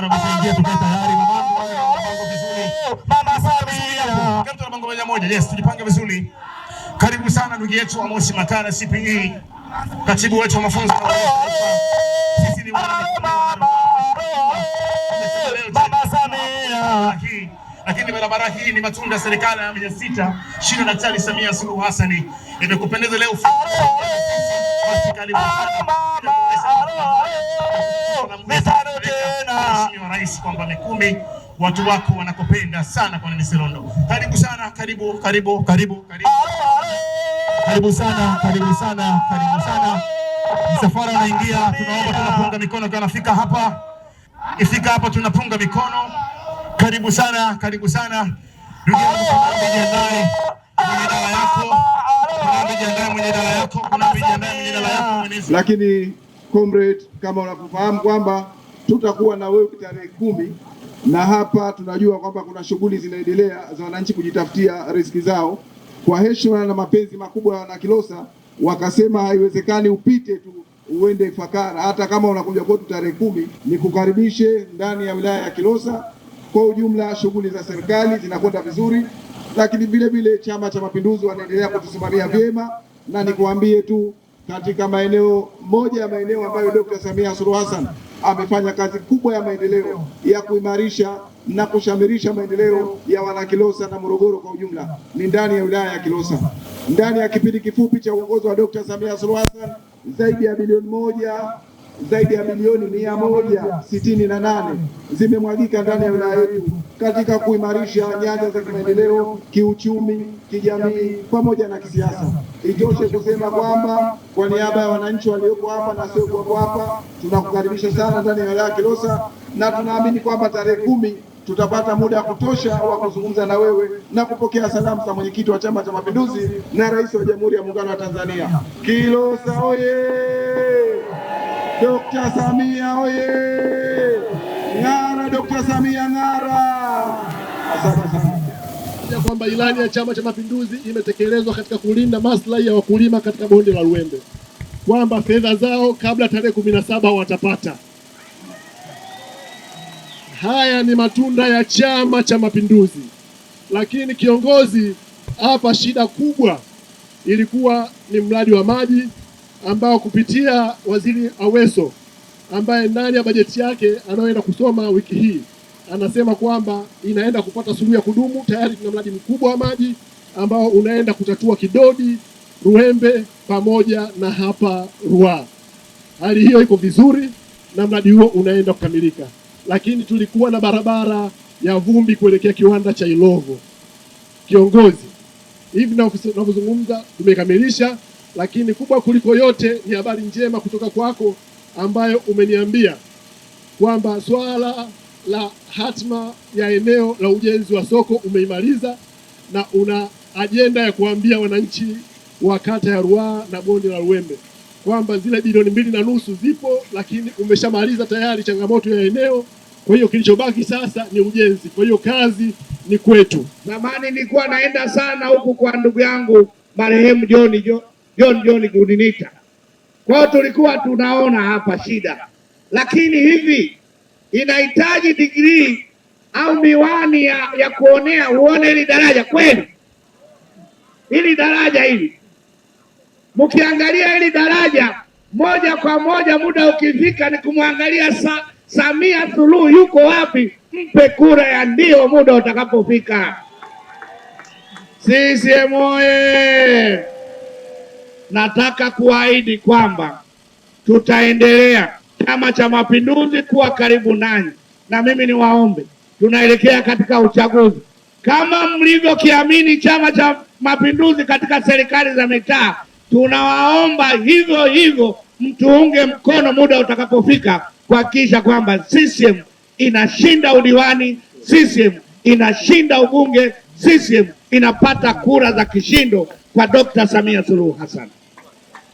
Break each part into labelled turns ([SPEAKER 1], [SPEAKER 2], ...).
[SPEAKER 1] hapa anakusaidia, tukae tayari mamangu, wewe na mpango vizuri. Mama yes, tujipange vizuri. Karibu sana ndugu yetu Amosi Makala CPE, katibu wetu wa mafunzo. Sisi ni wana barabara hii ni matunda ya serikali ya awamu ya sita chini ya Daktari Samia Suluhu Hassan. Imekupendeza leo Mheshimiwa Rais kwamba Mikumi watu wako wanakupenda sana kwa nini Silondo. Karibu sana, karibu karibu karibu karibu. Karibu sana, karibu sana, karibu sana. Msafara unaingia, tunaomba tunapunga mikono kwa nafika hapa. Ifika hapa tunapunga mikono. Karibu sana, karibu sana.
[SPEAKER 2] Lakini comrade, kama unavyofahamu kwamba tutakuwa na wewe tarehe kumi na hapa tunajua kwamba kuna shughuli zinaendelea za wananchi kujitafutia riziki zao. Kwa heshima na mapenzi makubwa na Kilosa wakasema haiwezekani upite tu uende Ifakara, hata kama unakuja kwetu tarehe kumi. Ni kukaribishe ndani ya wilaya ya Kilosa. Kwa ujumla shughuli za serikali zinakwenda vizuri, lakini vile vile Chama cha Mapinduzi wanaendelea kutusimamia vyema, na nikuambie tu katika maeneo moja ya maeneo ambayo Dr. Samia Suluhu Hassan amefanya kazi kubwa ya maendeleo ya kuimarisha na kushamirisha maendeleo ya wanakilosa na Morogoro kwa ujumla ni ndani ya wilaya ya Kilosa. Ndani ya kipindi kifupi cha uongozi wa Dr. Samia Suluhu Hassan zaidi ya bilioni moja zaidi ya bilioni mia moja sitini na nane zimemwagika ndani ya wilaya yetu katika kuimarisha nyanja za kimaendeleo, kiuchumi, kijamii pamoja na kisiasa. Itoshe kusema kwamba kwa niaba ya wananchi walioko hapa na wasiokuwepo hapa, tunakukaribisha sana ndani ya wilaya ya Kilosa na tunaamini kwamba tarehe kumi tutapata muda wa kutosha wa kuzungumza na wewe na kupokea salamu za mwenyekiti wa Chama cha Mapinduzi na Rais wa Jamhuri ya Muungano wa Tanzania. Kilosa oye! Dokta Samia oye! Ng'ara Dokta Samia ng'ara! Asante sana kwamba ilani ya Chama cha Mapinduzi imetekelezwa katika kulinda maslahi ya wakulima katika bonde la lwembe kwamba fedha zao kabla tarehe kumi na saba watapata. Haya ni matunda ya Chama cha Mapinduzi. Lakini kiongozi, hapa shida kubwa ilikuwa ni mradi wa maji ambao kupitia Waziri Aweso ambaye ndani ya bajeti yake anayoenda kusoma wiki hii anasema kwamba inaenda kupata suluhu ya kudumu. Tayari tuna mradi mkubwa wa maji ambao unaenda kutatua Kidodi, ruembe pamoja na hapa Ruaha. Hali hiyo iko vizuri na mradi huo unaenda kukamilika, lakini tulikuwa na barabara ya vumbi kuelekea kiwanda cha Ilovo. Kiongozi, hivi navyozungumza tumekamilisha lakini kubwa kuliko yote ni habari njema kutoka kwako ambayo umeniambia kwamba swala la hatma ya eneo la ujenzi wa soko umeimaliza na una ajenda ya kuambia wananchi wa kata ya Ruaha na bonde la Ruembe kwamba zile bilioni mbili na nusu zipo, lakini umeshamaliza tayari changamoto ya eneo. Kwa hiyo kilichobaki sasa ni ujenzi. Kwa hiyo kazi ni kwetu.
[SPEAKER 3] Zamani nilikuwa naenda sana huku kwa ndugu yangu marehemu John John John Guninita. Kwa hiyo tulikuwa tunaona hapa shida, lakini hivi inahitaji digrii au miwani ya, ya kuonea uone hili daraja kweli. Hili daraja hili mkiangalia hili daraja moja kwa moja, muda ukifika ni kumwangalia sa, Samia Suluhu yuko wapi? Mpe kura ya ndio muda utakapofika. CCM oye! nataka kuahidi kwamba tutaendelea Chama cha Mapinduzi kuwa karibu nanyi, na mimi niwaombe, tunaelekea katika uchaguzi kama mlivyokiamini Chama cha Mapinduzi katika serikali za mitaa, tunawaomba hivyo hivyo mtuunge mkono muda utakapofika kuhakikisha kwamba CCM inashinda udiwani, CCM inashinda ubunge, CCM inapata kura za kishindo kwa Dr. Samia Suluhu Hassan.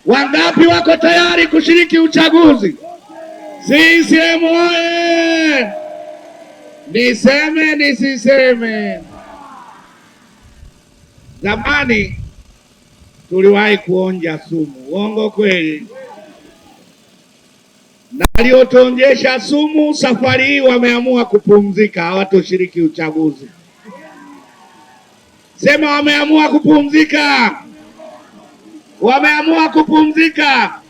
[SPEAKER 3] Wangapi wako tayari kushiriki uchaguzi? CCM oye! Niseme nisiseme, zamani tuliwahi kuonja sumu. Uongo kweli? na waliotuonjesha sumu safari hii wameamua kupumzika, hawatoshiriki uchaguzi. Sema wameamua kupumzika wameamua kupumzika.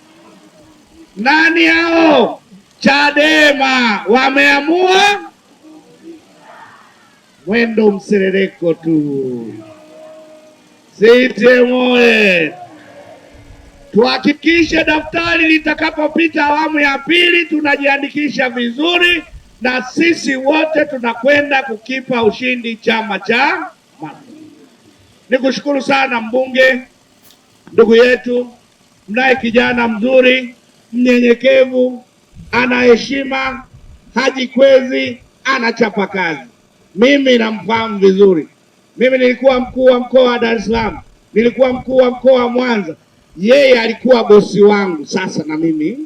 [SPEAKER 3] Nani hao? Chadema wameamua mwendo mserereko tu. Sisi moye tuhakikishe daftari litakapopita awamu ya pili tunajiandikisha vizuri, na sisi wote tunakwenda kukipa ushindi Chama cha Mapinduzi. Nikushukuru sana mbunge ndugu yetu, mnaye kijana mzuri mnyenyekevu, ana heshima, hajikwezi, anachapa kazi. Mimi namfahamu vizuri. Mimi nilikuwa mkuu wa mkoa wa Dar es Salaam, nilikuwa mkuu wa mkoa wa Mwanza, yeye alikuwa bosi wangu. Sasa na mimi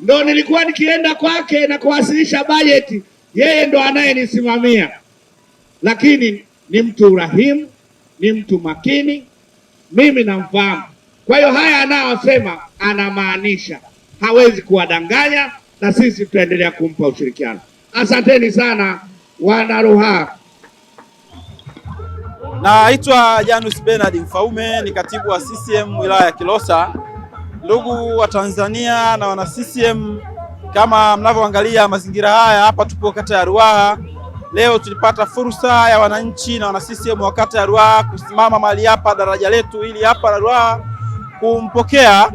[SPEAKER 3] ndo nilikuwa nikienda kwake na kuwasilisha bajeti, yeye ndo anayenisimamia, lakini ni mtu urahimu ni mtu makini, mimi namfahamu. Kwa hiyo haya anayosema anamaanisha, hawezi kuwadanganya, na sisi tutaendelea kumpa ushirikiano. Asanteni sana wana ruha
[SPEAKER 4] Naitwa Janus Bernard Mfaume, ni katibu wa CCM wilaya ya Kilosa. Ndugu wa Tanzania na wana CCM, kama mnavyoangalia mazingira haya hapa, tupo kata ya Ruaha. Leo tulipata fursa ya wananchi na wana CCM wa kata ya Ruaha kusimama mahali hapa daraja letu ili hapa la Ruaha kumpokea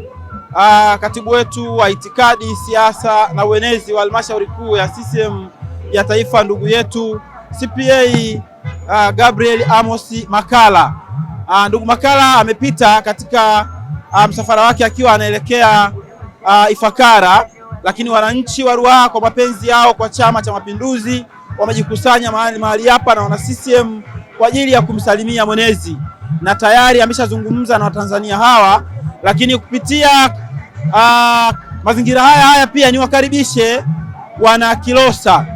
[SPEAKER 4] aa, ah, katibu wetu wa itikadi, siasa na uenezi wa halmashauri kuu ya CCM ya taifa, ndugu yetu CPA aa, ah, Gabriel Amos makala Aa, ah, ndugu makala amepita katika aa, msafara wake akiwa anaelekea Ifakara, lakini wananchi wa Ruaha kwa mapenzi yao kwa Chama cha Mapinduzi wamejikusanya mahali mahali hapa na wana CCM kwa ajili ya kumsalimia mwenezi, na tayari ameshazungumza na Watanzania hawa, lakini kupitia uh, mazingira haya haya pia niwakaribishe wana Kilosa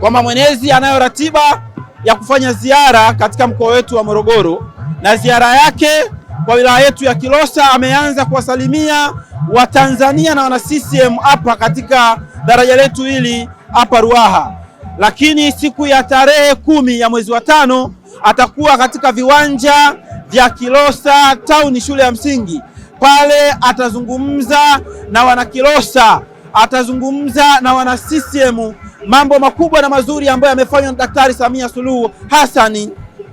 [SPEAKER 4] kwamba mwenezi anayo ratiba ya kufanya ziara katika mkoa wetu wa Morogoro, na ziara yake kwa wilaya yetu ya Kilosa ameanza kuwasalimia Watanzania na wana CCM hapa katika daraja letu hili hapa Ruaha lakini siku ya tarehe kumi ya mwezi wa tano atakuwa katika viwanja vya Kilosa Town shule ya msingi pale, atazungumza na wana Kilosa, atazungumza na wana CCM mambo makubwa na mazuri ambayo yamefanywa na Daktari Samia Suluhu Hassani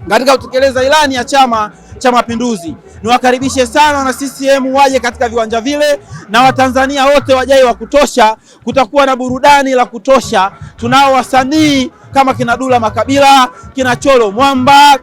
[SPEAKER 4] katika kutekeleza ilani ya chama cha Mapinduzi. Niwakaribishe sana na CCM waje katika viwanja vile, na Watanzania wote wajai wa kutosha. Kutakuwa na burudani la kutosha. Tunao wasanii kama kina Dula Makabila, kina Cholo Mwamba,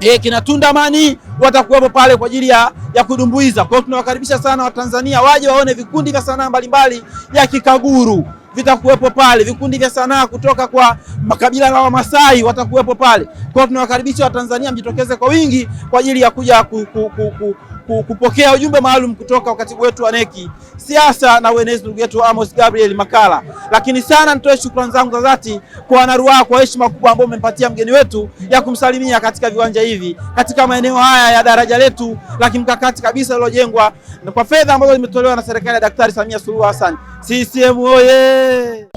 [SPEAKER 4] e, kina Tundamani watakuwepo pale kwa ajili ya, ya kudumbuiza. Kwa hiyo tunawakaribisha sana Watanzania waje waone vikundi vya sanaa mbalimbali ya kikaguru vitakuwepo pale, vikundi vya sanaa kutoka kwa makabila la Wamasai watakuwepo pale. Kwa hiyo tunawakaribisha Watanzania mjitokeze kwa wingi kwa ajili ya kuja ku, ku, ku, ku kupokea ujumbe maalum kutoka kwa katibu wetu wa NEC siasa na uenezi ndugu yetu Amos Gabriel Makala. Lakini sana nitoe shukrani zangu za dhati kwa wanaruaha kwa heshima kubwa ambayo umempatia mgeni wetu ya kumsalimia katika viwanja hivi katika maeneo haya ya daraja letu la kimkakati kabisa lilojengwa kwa fedha ambazo zimetolewa na serikali ya Daktari Samia Suluhu Hassan. CCM oye!